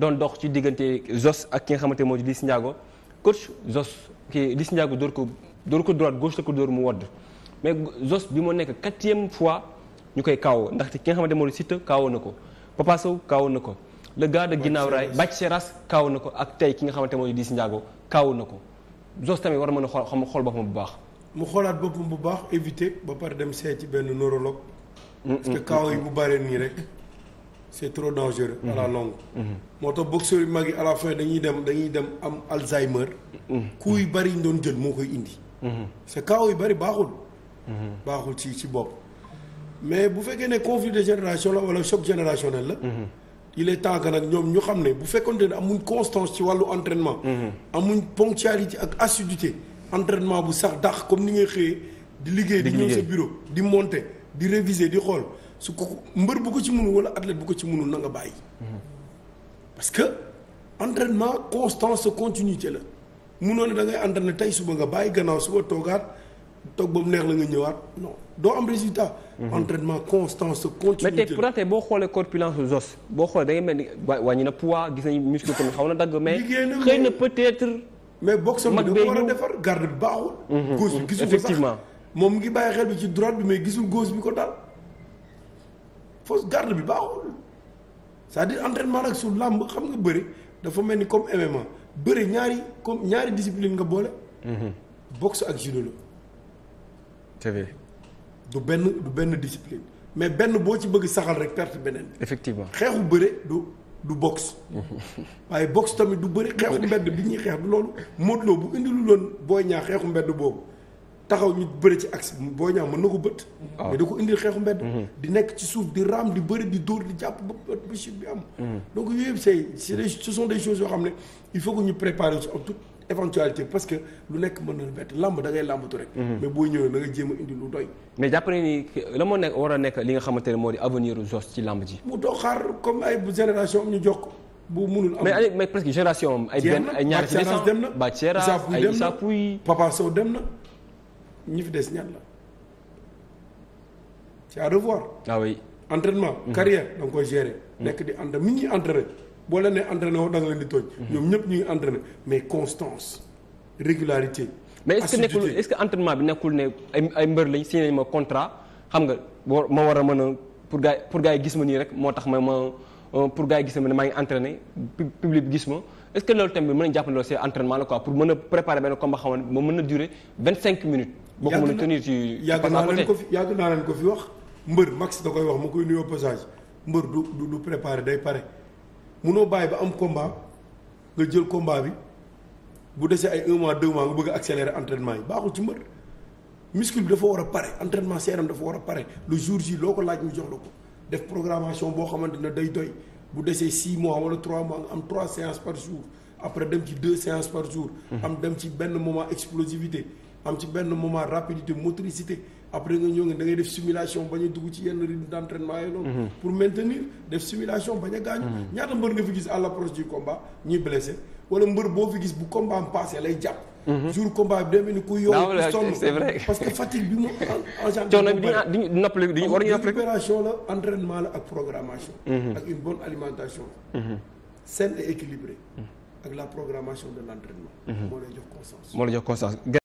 doon dox ci diggante Zos ak ki nga xamante moo di Liss Ndiago coach Zos kii Liss Ndiago dóor ko dóor ko droite gauche la ko dóor mu wodd mais Zos bi moo nekk quatrième fois ñu koy kaawoo ndaxte ki nga xamante moo di Siteu kaawoo na ko Papa Sow na ko le ginnaaw raay Bac Seras kaawoo na ko ak tey ki nga xamante moo di Liss Ndiago kaawoo na ko Zos tamit war a mën a xool xam xool boppam bu baax mu xoolaat boppam bu baax éviter ba pare dem seeti benn neurologue mm, parce que mm, kaaw mm, yi bu bëree nii rek c'est trop dangereux. à la mhm. longue. Mhm. moo tax boxeur yu mag yi à la fin dañuy dem dañuy dem am Alzheimer. Mhm. coups yu bari ñu doon jël moo koy indi. c'est kaw yu bari baaxul. baaxul ci ci bopp. mais bu fekkee ne conflit de génération la wala choc générationnel la. il est temps nag ñoom ñu xam ne bu fekkonte ne amuñ constance ci wàllu entraînement. amuñ ponctualité ak assiduité entraînement bu sax dax comme ni ngay xëyee. di liggéey di ñëw sa bureau di monter di réviser di su ko mbër bu ko ci mënul wala athlète bu ko ci mënul na nga bàyyi. parce que entraînement constance continuité la munoo ne da ngay entraîné tey suba nga bàyyi gannaaw suba toogaat toog ba mu neex la nga ñëwaat no doo am résultat. Mhm. entraînement constance continuité mais tey pourtant tey boo xoolee corpulence Zoss boo xoolee da ngay mel ni wàññi na gis nañu muscle tamit xaw na dagg mais xëy na peut-être. mais boxe bi da ko war a defar garde bi baaxul. Mhm, gauche bi gisul ko ngi bàyyi xel bi ci droite bi mais gisul gauche ko daal. fausse garde bi baaxul c'est-à-dire entraînement su làmb xam nga bëri dafa mel ni comme MMA bëri ñaari comme ñaari discipline nga boole. Mhm. boxe ak judo la. c'est vrai. du benn du benn discipline mais benn boo ci bëgg saxal rek perte beneen. effectivement xeexu bëre du du boxe. Mhm. waaye boxe tamit du bëri xeexu mbedd di ñuy xeex du loolu Modou Lo bu lu loon booy ñaar xeexu mbedd boobu. taxaw ñu bëri ci axe boo ñaaw mën na ko bët. Ah. mais da ko indil xeexu mbedd. Mhm. di nekk ci suuf di raam di bëri di dóor di jàpp ba bët ba chute bi am. Mhm. donc yooyu yoo xam ne il faut que ñu préparer parce que lu nekk mën na la bett làmb da ngay làmbatu rek. Mhm. mais boo ñëwee da nga jéem lu doy. mais jàpp nañu ni nekk war a xamante ne moo di avenir Zoss ci làmb ji. mu toog xaar comme ay génération am ñu jokk. bu munul am mais mais presque génération am. dem na. ñu fi des ñan la c'est à revoir. ah oui entraînement. Mhm. carrière da nga koy gérer. Mhm. nekk di entraîné mi ñuy entraîné boo leen ne entraîné woo da nga leen di toj. Mhm. ñoom ñëpp ñu ngi mais constance régularité. mais est-ce que nekkul est-ce que entraînement bi nekkul ne ay ay mbër lañ signé nañ ma contrat xam nga ma war a mën a pour gars pour gars yi gis ma nii rek moo tax ma ma euh, pour gars yi gis ma ne maa ngi entraîné public bi gis ma est que loolu tamit mën a pour mën a préparer benn combat xaw ma a durer vingt cinq minutes. boo ko mën a tenir ci yàgg naa leen ko fi yàgg naa leen ko fi wax mbër max ko koy wax ma koy nuyoo passage mbër du du préparé day pare munoo bàyyi ba am combat nga jël combat bi bu desee ay un mois deux mois nga bëgg a accélérer entraînement yi baaxul ci mbër muscle bi dafa war a pare entraînement seeram dafa war a pare lu jour ji loo ko laaj mu jox la ko def programmation boo xamante ne day doy bu desee six mois wala trois mois nga am trois séances par jour après dem ci deux séances par jour am dem ci benn moment explosivité am ci benn moment rapidité motricité après nga ñëw nga da def simulation bañ a dugg ci yenn rythme d' entraînement noonu mm-hmm. pour maintenir def simulation bañ a gaañu mm-hmm. ñaata mbër nga gis à l' approche combat ñuy blessé wala mbër boo fi gis bu combat am passé lay jàpp mm-hmm. jour combat bi day ni ku yow sonn c'est vrai parce que fatigue bi mu bi diñu war a récupération la entraînement la ak programmation ak ak la programmation de l' moo lay jox conscience moo lay jox